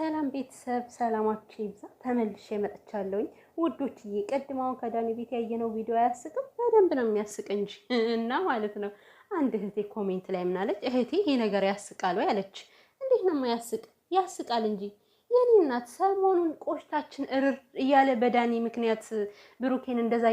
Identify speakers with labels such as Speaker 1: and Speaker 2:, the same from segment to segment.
Speaker 1: ሰላም ቤተሰብ ሰላማችሁ ይብዛ። ተመልሼ መጥቻለሁኝ ውዶችዬ። ቀድማውን ከዳኒ ቤት ያየነው ቪዲዮ አያስቅም? በደንብ ነው የሚያስቅ እንጂ እና ማለት ነው። አንድ እህቴ ኮሜንት ላይ ምናለች፣ እህቴ ይሄ ነገር ያስቃል ወይ አለች። እንዴት ነው ያስቅ? ያስቃል እንጂ የኔ እናት። ሰሞኑን ቆሽታችን እርር እያለ በዳኒ ምክንያት ብሩኬን እንደዛ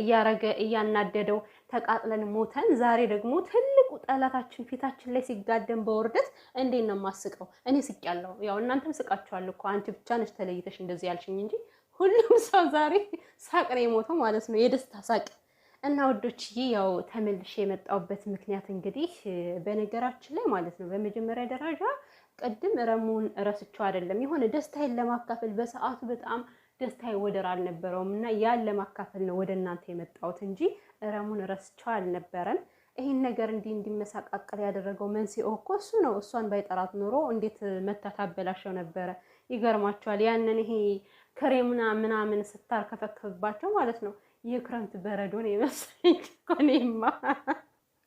Speaker 1: እያረገ እያናደደው ተቃጥለን ሞተን፣ ዛሬ ደግሞ ትልቁ ጠላታችን ፊታችን ላይ ሲጋደም በውርደት እንዴት ነው የማስቀው? እኔ ስቄያለሁ። ያው እናንተም ስቃችኋል እኮ አንቺ ብቻ ነች ተለይተሽ እንደዚህ ያልሽኝ እንጂ ሁሉም ሰው ዛሬ ሳቅ ነው የሞተው ማለት ነው፣ የደስታ ሳቅ እና ወዶችዬ፣ ያው ተመልሼ የመጣሁበት ምክንያት እንግዲህ በነገራችን ላይ ማለት ነው በመጀመሪያ ደረጃ ቅድም ረሙን ረስቸው አይደለም የሆነ ደስታዬን ለማካፈል በሰዓቱ በጣም ደስታ ወደር አልነበረውም እና ያን ለማካፈል ነው ወደ እናንተ የመጣሁት እንጂ እረሙን ረስቸው አልነበረም። ይህን ነገር እንዲህ እንዲመሳቃቀል ያደረገው መንስኤው እኮ እሱ ነው። እሷን ባይጠራት ኖሮ እንዴት መታት አበላሸው ነበረ። ይገርማቸዋል። ያንን ይሄ ክሬሙና ምናምን ስታርከፈክፍባቸው ማለት ነው የክረምት በረዶን የመሰለኝ ኮኔማ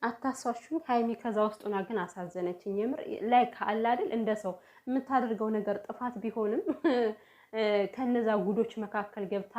Speaker 1: አታሷሹኝ ሀይሚ ከዛ ውስጡና ግን አሳዘነችኝ። የምር ላይ ከአላድል እንደ ሰው የምታደርገው ነገር ጥፋት ቢሆንም ከነዛ ጉዶች መካከል ገብታ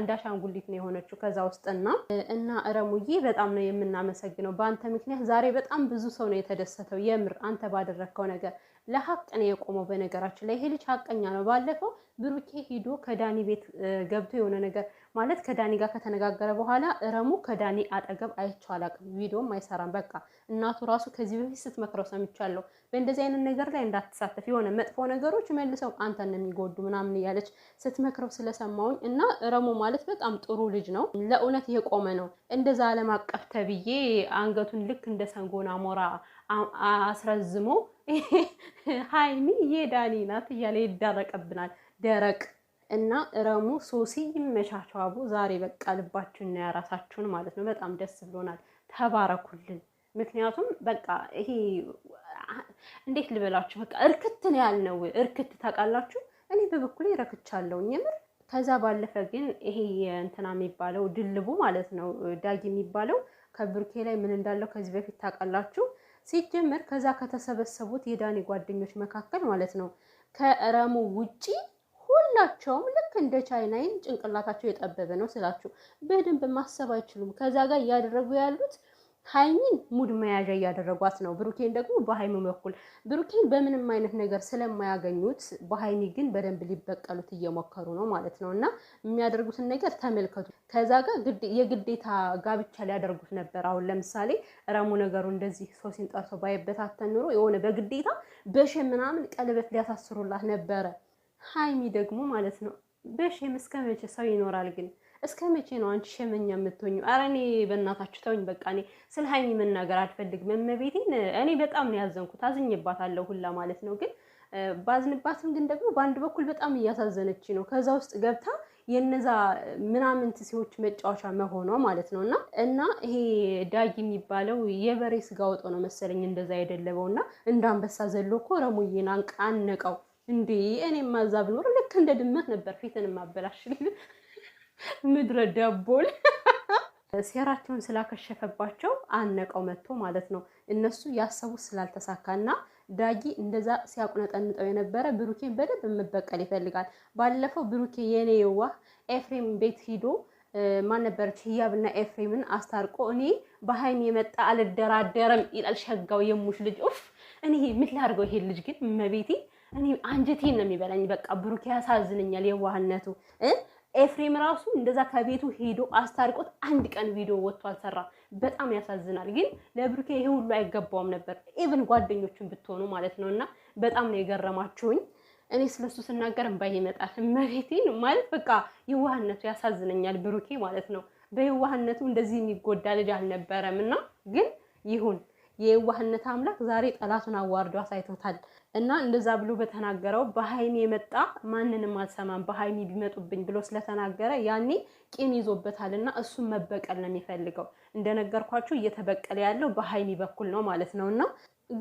Speaker 1: እንዳሻንጉሊት አሻንጉሊት ነው የሆነችው ከዛ ውስጥና እና እረሙዬ በጣም ነው የምናመሰግነው። በአንተ ምክንያት ዛሬ በጣም ብዙ ሰው ነው የተደሰተው። የምር አንተ ባደረግከው ነገር ለሀቅ ነው የቆመው። በነገራችን ላይ ይሄ ልጅ ሀቀኛ ነው። ባለፈው ብሩኬ ሂዶ ከዳኒ ቤት ገብቶ የሆነ ነገር ማለት ከዳኒ ጋር ከተነጋገረ በኋላ እረሙ ከዳኒ አጠገብ አይቼው አላውቅም። ቪዲዮም አይሰራም። በቃ እናቱ ራሱ ከዚህ በፊት ስትመክረው ሰምቻለሁ። በእንደዚህ አይነት ነገር ላይ እንዳትሳተፍ፣ የሆነ መጥፎ ነገሮች መልሰው አንተን የሚጎዱ ምናምን እያለች ስትመክረው ስለሰማውኝ እና እረሙ ማለት በጣም ጥሩ ልጅ ነው። ለእውነት የቆመ ነው። እንደዛ ዓለም አቀፍ ተብዬ አንገቱን ልክ እንደ ሰንጎን አሞራ አስረዝሞ ሀይሚ የዳኒ ናት እያለ ይዳረቀብናል። ደረቅ እና ረሙ ሶሲ ይመቻቸው። ዛሬ በቃ ልባችሁንና ያራሳችሁን ማለት ነው። በጣም ደስ ብሎናል። ተባረኩልን። ምክንያቱም በቃ ይሄ እንዴት ልበላችሁ፣ በቃ እርክት ነው ያልነው። እርክት ታውቃላችሁ፣ እኔ በበኩሌ ረክቻለሁ የምር። ከዛ ባለፈ ግን ይሄ እንትና የሚባለው ድልቡ ማለት ነው ዳጊ የሚባለው ከብሩኬ ላይ ምን እንዳለው ከዚህ በፊት ታውቃላችሁ ሲጀመር ከዛ ከተሰበሰቡት የዳኒ ጓደኞች መካከል ማለት ነው ከረሙ ውጪ ሁላቸውም ልክ እንደ ቻይናይን ጭንቅላታቸው የጠበበ ነው ስላችሁ በደንብ ማሰብ አይችሉም። ከዛ ጋር እያደረጉ ያሉት ሀይሚን ሙድ መያዣ እያደረጓት ነው። ብሩኬን ደግሞ በሀይሚ በኩል ብሩኬን በምንም አይነት ነገር ስለማያገኙት በሀይሚ ግን በደንብ ሊበቀሉት እየሞከሩ ነው ማለት ነው። እና የሚያደርጉትን ነገር ተመልከቱ። ከዛ ጋር የግዴታ ጋብቻ ሊያደርጉት ነበር። አሁን ለምሳሌ ረሙ ነገሩ እንደዚህ ሶሲን ጠርቶ ባይበታተን ኑሮ የሆነ በግዴታ በሼ ምናምን ቀለበት ሊያሳስሩላት ነበረ። ሀይሚ ደግሞ ማለት ነው በሽ እስከ መቼ ሰው ይኖራል ግን እስከ መቼ ነው አንቺ ሸመኛ የምትሆኝ? አረ እኔ በእናታችሁ ተውኝ። በቃ እኔ ስለ ሀይሚ መናገር አልፈልግም። እመቤቴን እኔ በጣም ነው ያዘንኩት፣ አዝኜባታለሁ ሁላ ማለት ነው። ግን ባዝንባትም ግን ደግሞ በአንድ በኩል በጣም እያሳዘነች ነው ከዛ ውስጥ ገብታ የነዛ ምናምን ትሴዎች መጫወቻ መሆኗ ማለት ነው። እና እና ይሄ ዳጊ የሚባለው የበሬ ስጋ ወጦ ነው መሰለኝ እንደዛ የደለበው እና እንደ አንበሳ ዘሎ እኮ ረሙዬን አንቃ እንዴ! እኔ ማዛ ብኖር ልክ እንደ ድመት ነበር ፊትን ማበላሽ ምድረ ደቦል ሴራቸውን ስላከሸፈባቸው አነቀው መጥቶ ማለት ነው። እነሱ ያሰቡት ስላልተሳካ እና ዳጊ እንደዛ ሲያቁነጠንጠው የነበረ ብሩኬን በደንብ መበቀል ይፈልጋል። ባለፈው ብሩኬ የኔ የዋህ ኤፍሬም ቤት ሂዶ ማን ነበረች ህያብና ኤፍሬምን አስታርቆ እኔ በሀይም የመጣ አልደራደረም ይላል ሸጋው የሙሽ ልጅ። ፍ እኔ ምን ላድርገው ይሄን ልጅ ግን መቤቴ እኔ አንጀቴን ነው የሚበላኝ። በቃ ብሩኬ ያሳዝነኛል የዋህነቱ ኤፍሬም ራሱ እንደዛ ከቤቱ ሄዶ አስታርቆት አንድ ቀን ቪዲዮ ወጥቶ አልሰራ በጣም ያሳዝናል። ግን ለብሩኬ ይሄ ሁሉ አይገባውም ነበር፣ ኢቭን ጓደኞቹን ብትሆኑ ማለት ነው። እና በጣም ነው የገረማችሁኝ። እኔ ስለሱ ስናገር እምባ ይመጣል። መቤቴን ማለት በቃ የዋህነቱ ያሳዝነኛል። ብሩኬ ማለት ነው በየዋህነቱ እንደዚህ የሚጎዳ ልጅ አልነበረም እና ግን ይሁን የዋህነት አምላክ ዛሬ ጠላቱን አዋርዶ አሳይቶታል እና እንደዛ ብሎ በተናገረው በሀይሚ የመጣ ማንንም አልሰማም በሀይሚ ቢመጡብኝ ብሎ ስለተናገረ ያኔ ቂም ይዞበታል እና እሱን መበቀል ነው የሚፈልገው። እንደነገርኳችሁ እየተበቀለ ያለው በሀይሚ በኩል ነው ማለት ነው እና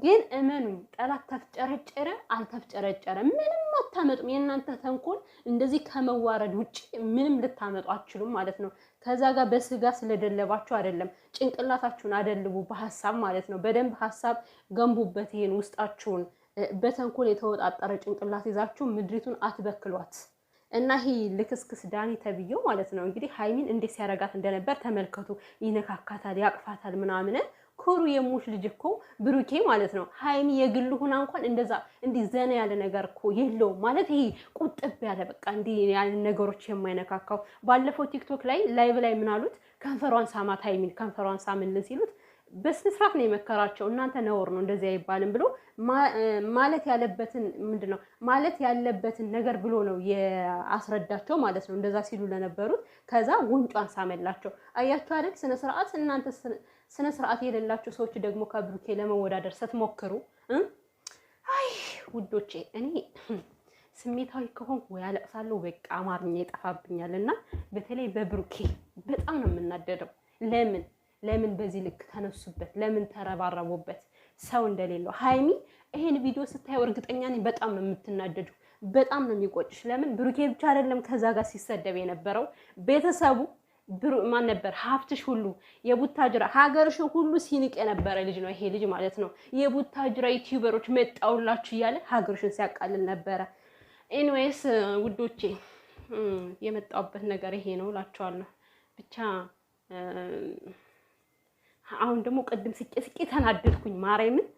Speaker 1: ግን እመኑኝ ጠላት ተፍጨረጨረ አልተፍጨረጨረ ምንም ምንም አታመጡም። የእናንተ ተንኮል እንደዚህ ከመዋረድ ውጭ ምንም ልታመጡ አችሉም ማለት ነው። ከዛ ጋር በስጋ ስለደለባችሁ አይደለም፣ ጭንቅላታችሁን አደልቡ በሀሳብ ማለት ነው። በደንብ ሀሳብ ገንቡበት። ይሄን ውስጣችሁን በተንኮል የተወጣጠረ ጭንቅላት ይዛችሁ ምድሪቱን አትበክሏት። እና ይሄ ልክስክስ ዳኒ ተብዬው ማለት ነው እንግዲህ ሀይሚን እንዴት ሲያረጋት እንደነበር ተመልከቱ። ይነካካታል፣ ያቅፋታል ምናምን ኩሩ የሙሽ ልጅ እኮ ብሩኬ ማለት ነው። ሀይሚ የግሉ ሁና እንኳን እንደዛ እንዲህ ዘና ያለ ነገር እኮ የለው ማለት ይሄ ቁጥብ ያለ በቃ እንዲህ ያለ ነገሮች የማይነካካው። ባለፈው ቲክቶክ ላይ ላይቭ ላይ ምናሉት ከንፈሯን ሳማት ሀይሚን ከንፈሯን ሳምልን ሲሉት በስነስርዓት ነው የመከራቸው። እናንተ ነውር ነው እንደዚህ አይባልም ብሎ ማለት ያለበትን ምንድን ነው ማለት ያለበትን ነገር ብሎ ነው የአስረዳቸው ማለት ነው። እንደዛ ሲሉ ለነበሩት ከዛ ጉንጯን ሳመላቸው። አያችሁ አይደል ስነስርዓት እናንተ ስነ ስርዓት የሌላችሁ ሰዎች ደግሞ ከብሩኬ ለመወዳደር ስትሞክሩ፣ አይ ውዶቼ እኔ ስሜታዊ ከሆንኩ ወይ አለቅሳለሁ፣ በቃ አማርኛ ይጠፋብኛል። እና በተለይ በብሩኬ በጣም ነው የምናደደው። ለምን ለምን በዚህ ልክ ተነሱበት? ለምን ተረባረቡበት? ሰው እንደሌለው ሀይሚ ይሄን ቪዲዮ ስታየው እርግጠኛ ነኝ በጣም ነው የምትናደዱ፣ በጣም ነው የሚቆጭሽ። ለምን ብሩኬ ብቻ አይደለም ከዛ ጋር ሲሰደብ የነበረው ቤተሰቡ ማን ነበር ሀብትሽ ሁሉ የቡታጅራ ሀገርሽ ሁሉ ሲንቅ የነበረ ልጅ ነው ይሄ ልጅ ማለት ነው። የቡታጅራ ዩቲዩበሮች መጣውላችሁ እያለ ሀገርሽን ሲያቃልል ነበረ። ኤንዌይስ ውዶቼ የመጣውበት ነገር ይሄ ነው እላችኋለሁ። ብቻ አሁን ደግሞ ቅድም ስቄ ስቄ ተናደድኩኝ ማርያምን